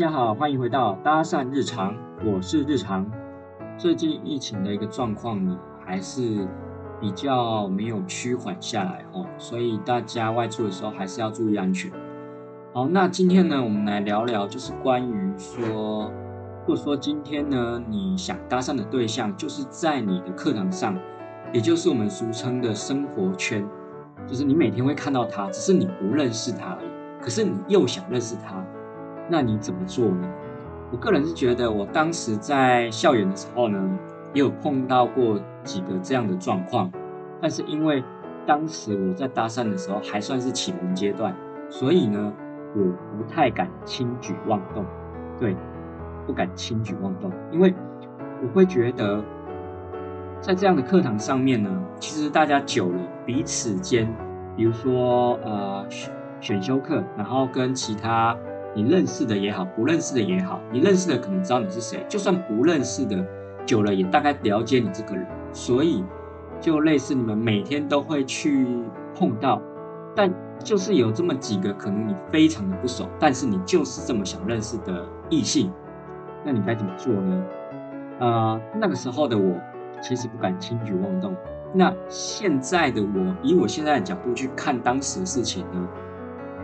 大家好，歡迎回到搭訕日常，我是日常。最近疫情的一個狀況呢，還是比較沒有趨緩下來哦。所以大家外出的時候還是要注意安全。好，那今天呢，我們來聊聊，就是關於說，或者說今天呢，你想搭訕的對象，就是在你的課堂上，也就是我們俗稱的生活圈，就是你每天會看到他，只是你不認識他而已，可是你又想認識他。那你怎麼做呢？我個人是覺得，我當時在校園的時候呢，也有碰到過幾個這樣的狀況，但是因為當時我在搭訕的時候還算是啟蒙階段，所以呢，我不太敢輕舉妄動，對，不敢輕舉妄動，因為我會覺得，在這樣的課堂上面呢，其實大家久了彼此間，比如說呃選修課，然後跟其他。你認識的也好，不認識的也好，你認識的可能知道你是誰，就算不認識的，久了也大概了解你這個人。所以，就類似你們每天都會去碰到，但就是有這麼幾個可能你非常的不熟，但是你就是這麼想認識的異性，那你該怎麼做呢？啊、呃，那個時候的我其實不敢輕舉妄動。那現在的我，以我現在的角度去看當時的事情呢，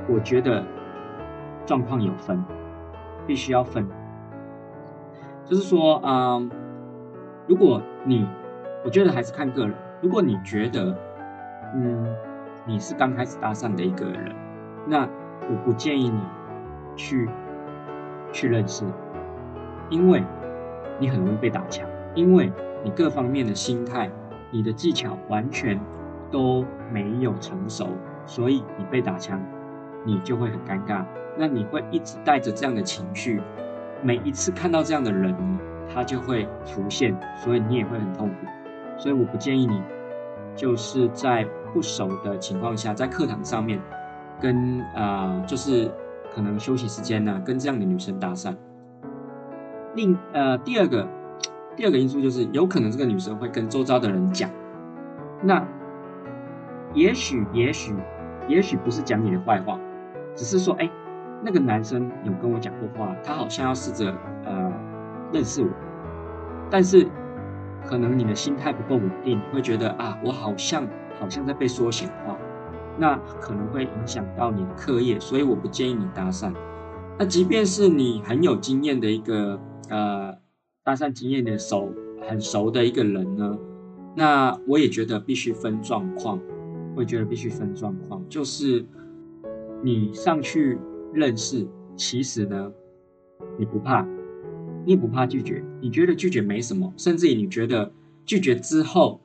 我覺得。狀況有分，必須要分。就是說，嗯，如果你，我覺得還是看個人。如果你覺得，嗯，你是剛開始搭訕的一個人，那我不建議你去去認識，因為你很容易被打槍，因為你各方面的心態、你的技巧完全都沒有成熟，所以你被打槍。你就會很尷尬，那你會一直帶着這樣的情緒，每一次看到這樣的人，他就會出現，所以你也會很痛苦。所以我不建議你，就是在不熟的情況下，在課堂上面，跟呃，就是可能休息時間呢，啊，跟這樣的女生搭訕。另呃，第二個，第二個因素就是，有可能這個女生會跟周遭的人講，那也許，也許，也許不是講你的壞話。只是說，哎、欸，那個男生有跟我講過話，他好像要試着呃認識我，但是可能你的心態不夠穩定，你會覺得啊，我好像好像在被說閒話，那可能會影響到你的課業，所以我不建議你搭訕。那即便是你很有經驗的一個呃搭訕經驗的手很熟的一個人呢，那我也覺得必須分狀況，我也覺得必須分狀況，就是。你上去認識，其實呢，你不怕，你也不怕拒絕，你覺得拒絕沒什麼，甚至於你覺得拒絕之後，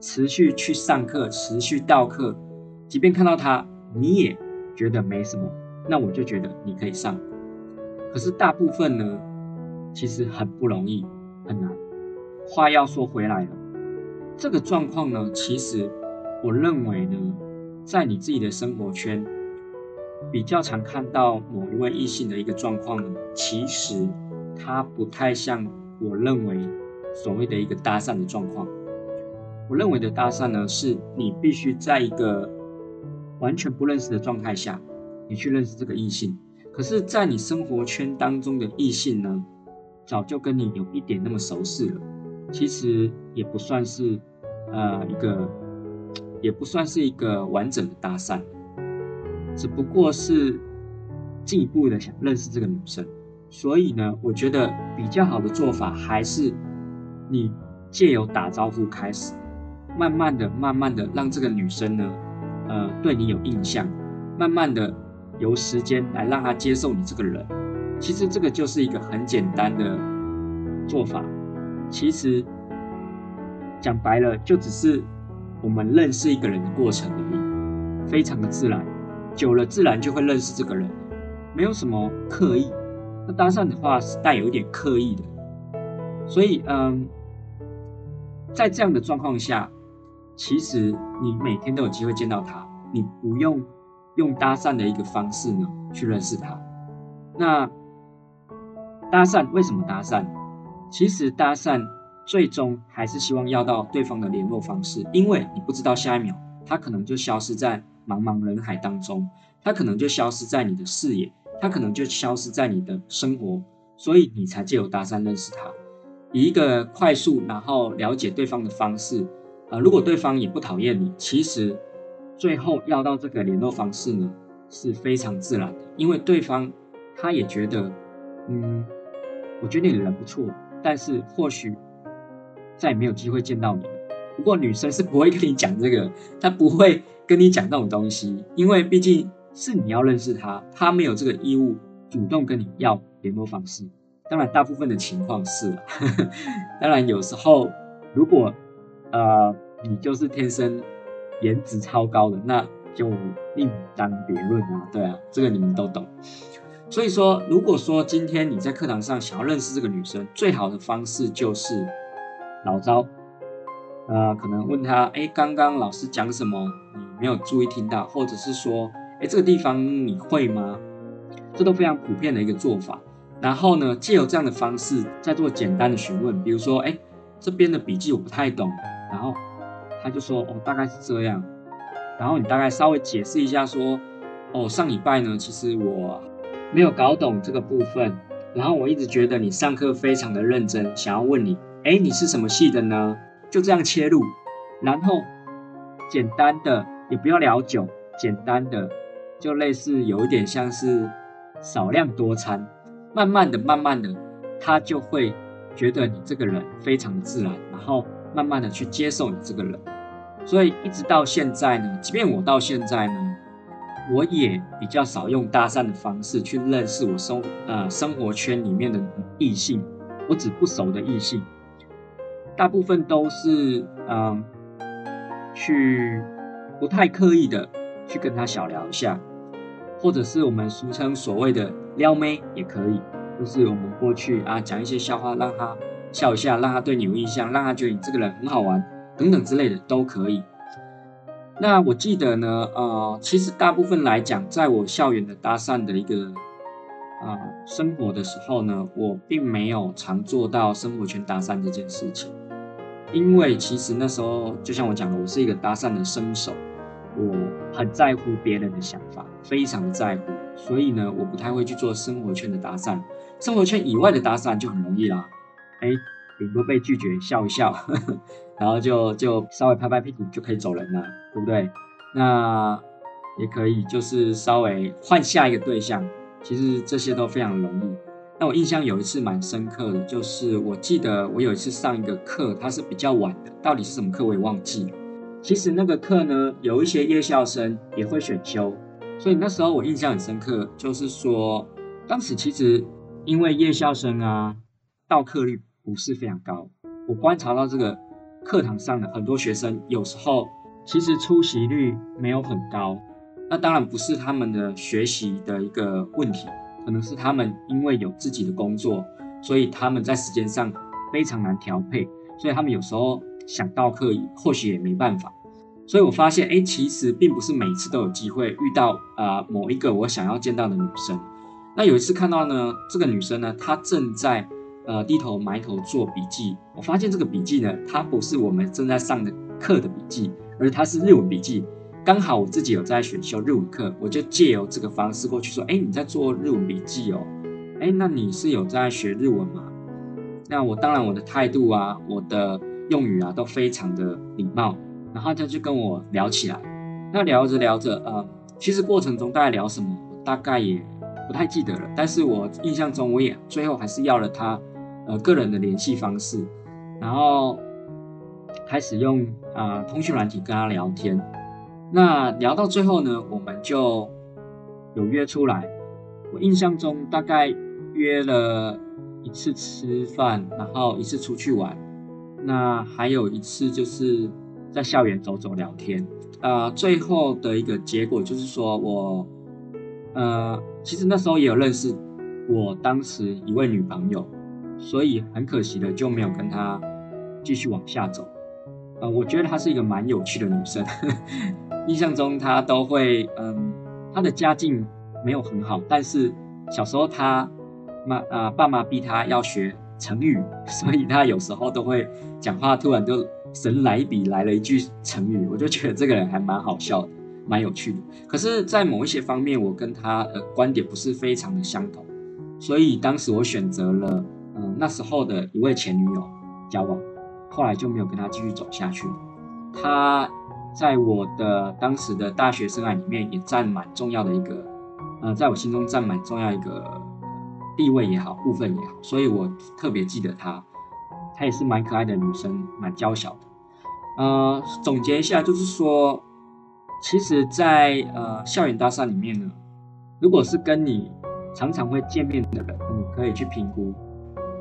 持續去上課，持續到課，即便看到他，你也覺得沒什麼。那我就覺得你可以上。可是大部分呢，其實很不容易，很難。話要說回來了，這個狀況呢，其實我認為呢，在你自己的生活圈。比較常看到某一位異性的一個狀況呢，其實他不太像我認為所謂的一個搭訕的狀況。我認為的搭訕呢，是你必須在一個完全不認識的狀態下，你去認識這個異性。可是，在你生活圈當中的異性呢，早就跟你有一點那麼熟悉了，其實也不算是呃一個，也不算是一個完整的搭訕。只不過是進一步的想認識這個女生，所以呢，我覺得比較好的做法還是你借由打招呼開始，慢慢的、慢慢的讓這個女生呢，呃，對你有印象，慢慢的由時間來讓她接受你這個人。其實這個就是一個很簡單的做法，其實講白了，就只是我們認識一個人的過程而已，非常的自然。久了自然就會認識這個人，沒有什麼刻意。那搭訕的話是帶有一點刻意的。所以嗯，在這樣的狀況下，其實你每天都有機會見到他，你不用用搭訕的一個方式呢，去認識他。那搭訕為什麼搭訕？其實搭訕最終還是希望要到對方的聯絡方式，因為你不知道下一秒他可能就消失在。茫茫人海當中，他可能就消失在你的視野，他可能就消失在你的生活，所以你才借由搭訕認識他，以一個快速然後了解對方的方式，啊、呃，如果對方也不討厭你，其實最後要到這個聯絡方式呢是非常自然的，因為對方他也覺得，嗯，我覺得你人不錯，但是或許再也沒有機會見到你了。不過女生是不會跟你講這個，她不會。跟你講這種東西，因為畢竟是你要認識他，他沒有這個義務主動跟你要聯絡方式。當然，大部分的情況是啊，呵呵，當然有時候如果呃你就是天生顏值超高的，那就另當別論啊。對啊，這個你們都懂。所以說，如果說今天你在課堂上想要認識這個女生，最好的方式就是老招，呃，可能問他，哎，剛剛老師講什麼？你沒有注意聽到，或者是說，哎，這個地方你會嗎？這都非常普遍的一個做法。然後呢，借由這樣的方式再做簡單的詢問，比如說，哎，這邊的筆記我不太懂，然後他就說，哦，大概是這樣。然後你大概稍微解釋一下，說，哦，上禮拜呢，其實我沒有搞懂這個部分。然後我一直覺得你上課非常的認真，想要問你，哎，你是什麼系的呢？就這樣切入，然後簡單的也不要聊久，簡單的就類似有一點像是少量多餐，慢慢的慢慢的他就會覺得你這個人非常的自然，然後慢慢的去接受你這個人。所以一直到現在呢，即便我到現在呢，我也比較少用搭訕的方式去認識我生呃生活圈裡面的異性，我只不熟的異性。大部分都是嗯，去不太刻意的去跟他小聊一下，或者是我們俗稱所謂的撩妹也可以，就是我們過去啊講一些笑話讓他笑一下，讓他對你有印象，讓他覺得你這個人很好玩等等之類的都可以。那我記得呢，呃，其實大部分來講，在我校園的搭訕的一個啊、呃、生活的時候呢，我並沒有常做到生活圈搭訕這件事情。因為其實那時候，就像我講的，我是一個搭訕的生手，我很在乎別人的想法，非常在乎，所以呢，我不太會去做生活圈的搭訕，生活圈以外的搭訕就很容易啦，哎，頂多被拒絕笑一笑，呵呵，然後就就稍微拍拍屁股就可以走人了，對不對？那也可以，就是稍微換下一個對象，其實這些都非常容易。那我印象有一次蠻深刻的，就是我記得我有一次上一個課，它是比較晚的，到底是什麼課我也忘記了。其實那個課呢，有一些夜校生也會選修，所以那時候我印象很深刻，就是說，當時其實因為夜校生啊，到課率不是非常高。我觀察到這個課堂上的很多學生，有時候其實出席率沒有很高，那當然不是他們的學習的一個問題。可能是他們因為有自己的工作，所以他們在時間上非常難調配，所以他們有時候想到課或許也沒辦法。所以我發現，誒，其實並不是每次都有機會遇到啊、呃、某一個我想要見到的女生。那有一次看到呢，這個女生呢，她正在呃低頭埋頭做筆記。我發現這個筆記呢，她不是我們正在上的課的筆記，而她是，是日文筆記。剛好我自己有在選修日文課，我就借由這個方式過去說：“哎，你在做日文筆記哦，哎，那你是有在學日文嗎？”那我當然我的態度啊，我的用語啊都非常的禮貌，然後他就跟我聊起來。那聊着聊着，呃，其實過程中大概聊什麼，我大概也不太記得了，但是我印象中，我也最後還是要了他呃個人的聯繫方式，然後開始用啊通訊軟體跟他聊天。那聊到最後呢，我們就有約出來。我印象中大概約了一次吃飯，然後一次出去玩，那還有一次就是在校園走走聊天。啊、呃，最後的一個結果就是說我，我呃，其實那時候也有認識我當時一位女朋友，所以很可惜的就沒有跟她繼續往下走。呃，我覺得她是一個蠻有趣的女生。 印象中他都會，嗯，他的家境沒有很好，但是小時候他媽啊爸媽逼他要學成語，所以他有時候都會講話突然就神來一筆來了一句成語，我就覺得這個人還蠻好笑的，蠻有趣的。可是，在某一些方面，我跟他的、呃、觀點不是非常的相同，所以當時我選擇了嗯、呃、那時候的一位前女友交往，後來就沒有跟他繼續走下去，他，在我的當時的大學生涯裡面，也占蠻重要的一個，呃，在我心中占蠻重要的一個地位也好，部分也好，所以我特別記得她，她也是蠻可愛的女生，蠻嬌小的。呃，總結一下，就是說，其實在，在呃校園大廈裡面呢，如果是跟你常常會見面的人，你可以去評估，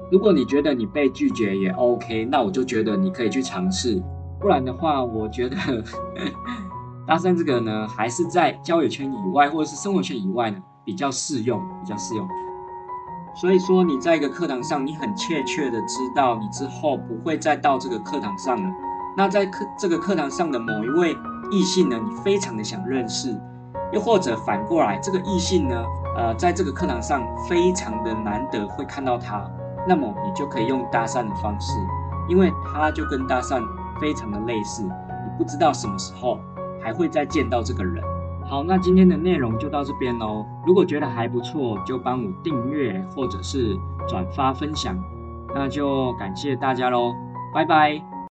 如果你覺得你被拒絕也 OK，那我就覺得你可以去嘗試。不然的話，我覺得搭訕這個呢，還是在交友圈以外或者是生活圈以外呢，比較適用，比較適用。所以說，你在一個課堂上，你很確切的知道你之後不會再到這個課堂上了。那在課這個課堂上的某一位異性呢，你非常的想認識，又或者反過來，這個異性呢，呃，在這個課堂上非常的難得會看到他，那麼你就可以用搭訕的方式，因為他就跟搭訕。非常的類似，你不知道什麼時候還會再見到這個人。好，那今天的內容就到這邊嘍。如果覺得還不錯，就幫我訂閱或者是轉發分享。那就感謝大家嘍，拜拜。